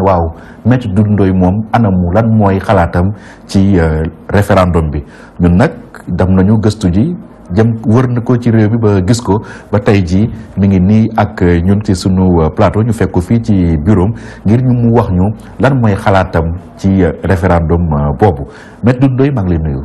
waaw Maître du Ndoye moom anamu lan mooy xalaatam ci euh, référendum bi ñun nag dem nañu gëstu ji jëm wër na ko ci réew bi ba gis ko ba tey jii mi ngi nii ak euh, ñu ci suñu euh, plateau ñu fekk fii ci bureau ngir mu wax ñu lan mooy xalaatam ci référendum boobu Maître Doudou Ndoye maa ngi nuyu.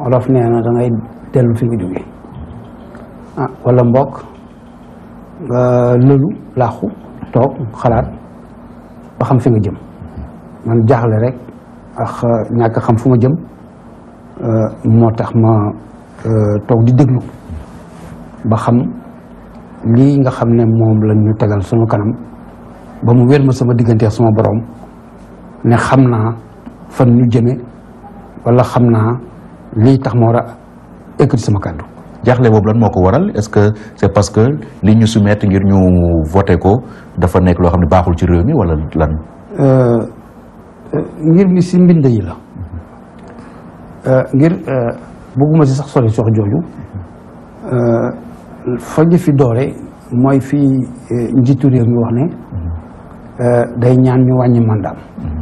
olof nee na da ngay dellu fi nga jóge ah mbokk nga lëlu làqu toog xalaat ba xam fi nga jëm man jaaxle rek ak euh, ñàkk xam fu ma jëm euh, moo tax ma euh, toog di déglu ba xam lii nga xam ne moom la ñu tegal suma kanam ba mu wér ma sama diggante suma boroom ne xam naa fan ñu jëme walla xam naa lii tax ma war a ekkati sama kàddu. jaxle boobu lan moo ko waral est-ce que c'est parce que li ñu soumettre ngir ñu voté ko dafa nekk loo xam ne baaxul ci réew mi wala lan. Euh, euh, ngir mi si mbind yi la. Euh, ngir bëgguma si sax sori sox jooju fa fi doore mooy fi njiitu réew mi wax ne day ñaan ñu wàññi mandaam mm-hmm.